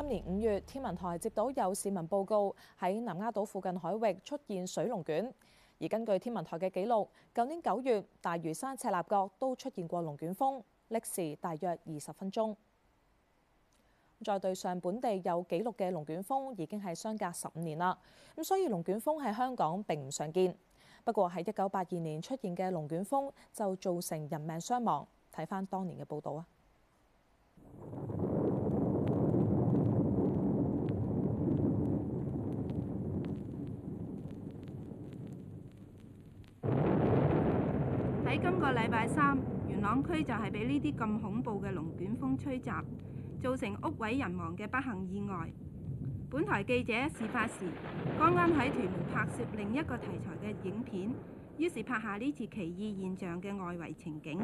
今年五月，天文台接到有市民報告，喺南丫島附近海域出現水龍捲。而根據天文台嘅記錄，舊年九月大嶼山赤鱲角都出現過龍捲風，歷時大約二十分鐘。再對上本地有記錄嘅龍捲風，已經係相隔十五年啦。咁所以龍捲風喺香港並唔常見。不過喺一九八二年出現嘅龍捲風就造成人命傷亡，睇翻當年嘅報導啊。喺今個禮拜三，元朗區就係俾呢啲咁恐怖嘅龍捲風吹襲，造成屋毀人亡嘅不幸意外。本台記者事發時，剛啱喺屯門拍攝另一個題材嘅影片，於是拍下呢次奇異現象嘅外圍情景。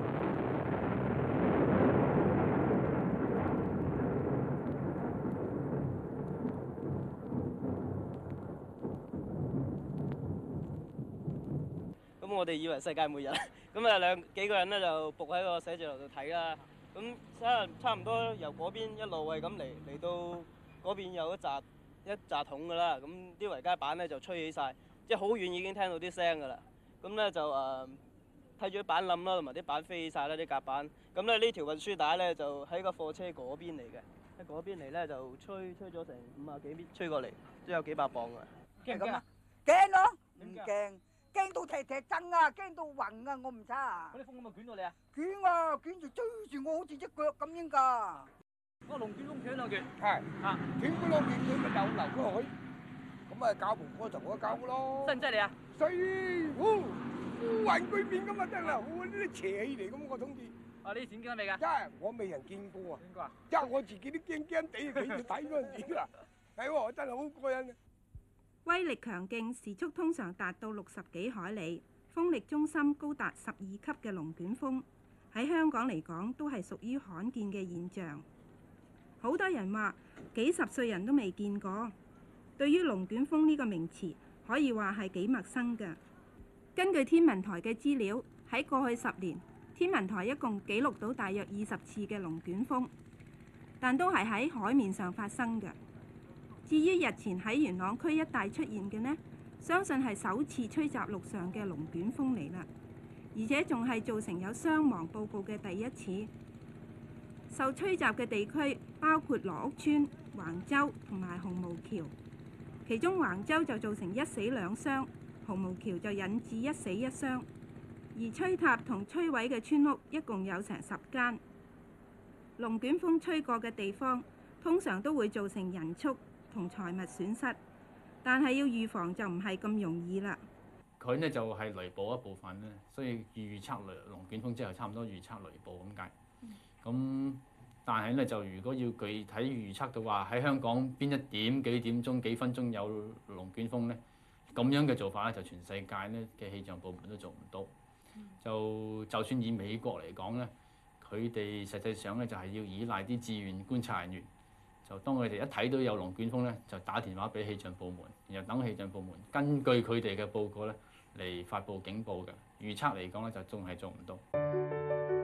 我哋以為世界末日，咁啊兩幾個人咧就伏喺個寫字樓度睇啦。咁差差唔多由嗰邊一路位咁嚟嚟到嗰邊有一扎一扎桶噶啦。咁啲圍街板咧就吹起曬，即係好遠已經聽到啲聲噶啦。咁咧就誒睇住啲板冧啦，同埋啲板飛起曬啦啲夾板。咁咧呢條運輸帶咧就喺個貨車嗰邊嚟嘅，喺嗰邊嚟咧就吹吹咗成五啊幾米，吹過嚟都有幾百磅噶。驚唔驚？驚咯！唔驚。驚到踢踢震啊！驚到暈啊！我唔差啊！嗰啲風咪捲到你啊！捲啊！捲住追住我，好似一腳咁樣噶。嗰個龍捲風捲落去係啊！捲個龍捲風咪又流咗落去，咁咪搞唔過就我搞噶咯。真唔真你啊？犀酷烏雲巨變咁啊真啊！烏呢啲斜起嚟咁，我總之啊啲錢交你噶。真係我未曾見過啊！點講啊？即係我自己都驚驚地，睇到大驚地啦！係喎，真係好過癮。威力強勁，時速通常達到六十幾海里，風力中心高達十二級嘅龍捲風，喺香港嚟講都係屬於罕見嘅現象。好多人話幾十歲人都未見過，對於龍捲風呢個名詞可以話係幾陌生㗎。根據天文台嘅資料，喺過去十年，天文台一共記錄到大約二十次嘅龍捲風，但都係喺海面上發生嘅。至於日前喺元朗區一帶出現嘅呢，相信係首次吹襲陸上嘅龍捲風嚟啦，而且仲係造成有傷亡報告嘅第一次。受吹襲嘅地區包括羅屋村、橫洲同埋紅毛橋，其中橫洲就造成一死兩傷，紅毛橋就引致一死一傷，而吹塌同摧毀嘅村屋一共有成十間。龍捲風吹過嘅地方，通常都會造成人畜同財物損失，但係要預防就唔係咁容易啦。佢呢就係、是、雷暴一部分咧，所以預測雷龍捲風之後差唔多預測雷暴咁解。咁但係咧就如果要具體預測嘅話，喺香港邊一點幾點鐘幾分鐘有龍捲風呢？咁樣嘅做法咧就全世界呢嘅氣象部門都做唔到。就就算以美國嚟講呢，佢哋實際上咧就係要依賴啲志願觀察人員。就當佢哋一睇到有龍捲風咧，就打電話俾氣象部門，然後等氣象部門根據佢哋嘅報告咧嚟發佈警報嘅預測嚟講咧，就仲係做唔到。